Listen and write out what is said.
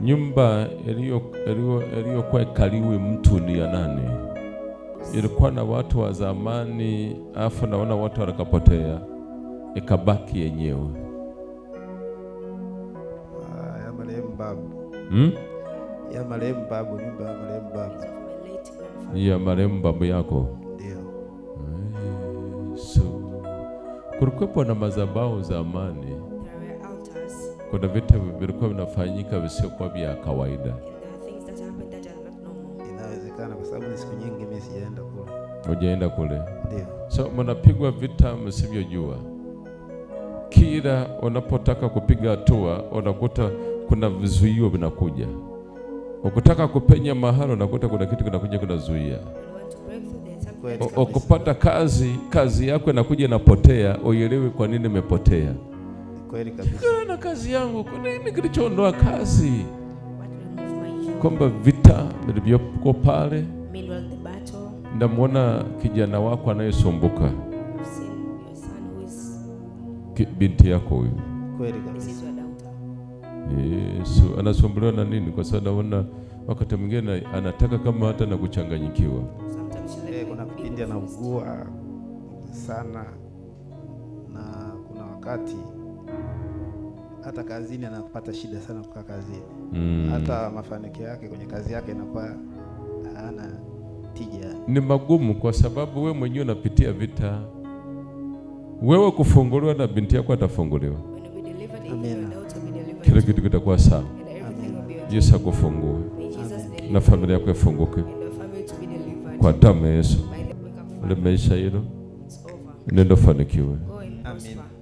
Nyumba iliyokuwa ikaliwe mtu ni ya nani? Ilikuwa na watu wa zamani, afu naona watu wakapotea, ikabaki yenyewe. Ah, ya marehemu babu. Hmm? Ya marehemu babu, nyumba ya marehemu babu. Ya marehemu babu yako. Ndio. kulikuwa na madhabahu zamani kuna vitu vilikuwa vinafanyika visiokuwa vya kawaida. Inawezekana kwa sababu ni siku nyingi mimi sijaenda kule. Hujaenda kule? Ndio. So mnapigwa vita msivyojua. Kila unapotaka kupiga hatua unakuta kuna vizuio vinakuja. Ukitaka kupenya mahali unakuta kuna kitu kinakuja kinazuia. Ukupata kazi, kazi yako inakuja inapotea, uelewi kwa nini imepotea kweli kabisa. Na kazi yangu nini kilichoondoa kazi? Kwamba vita vilivyoko pale, ndamwona kijana wako anayesumbuka, binti yako huyu kweli kabisa. Yesu anasumbuliwa na nini? Kwa sababu naona wakati mwingine anataka kama hata na kuchanganyikiwa. Eh, kuna kipindi anaugua sana na kuna wakati hata kazini anapata shida sana kukaa kazini mm. hata mafanikio yake kwenye kazi yake inakuwa hana tija, ni magumu, kwa sababu we mwenyewe unapitia vita. Wewe kufunguliwa na binti yako atafunguliwa, kila kitu kitakuwa sawa. Yesu akufungue na familia yako ifunguke kwa damu ya Yesu. Ile maisha hilo nendo nendofanikiwe. Amen.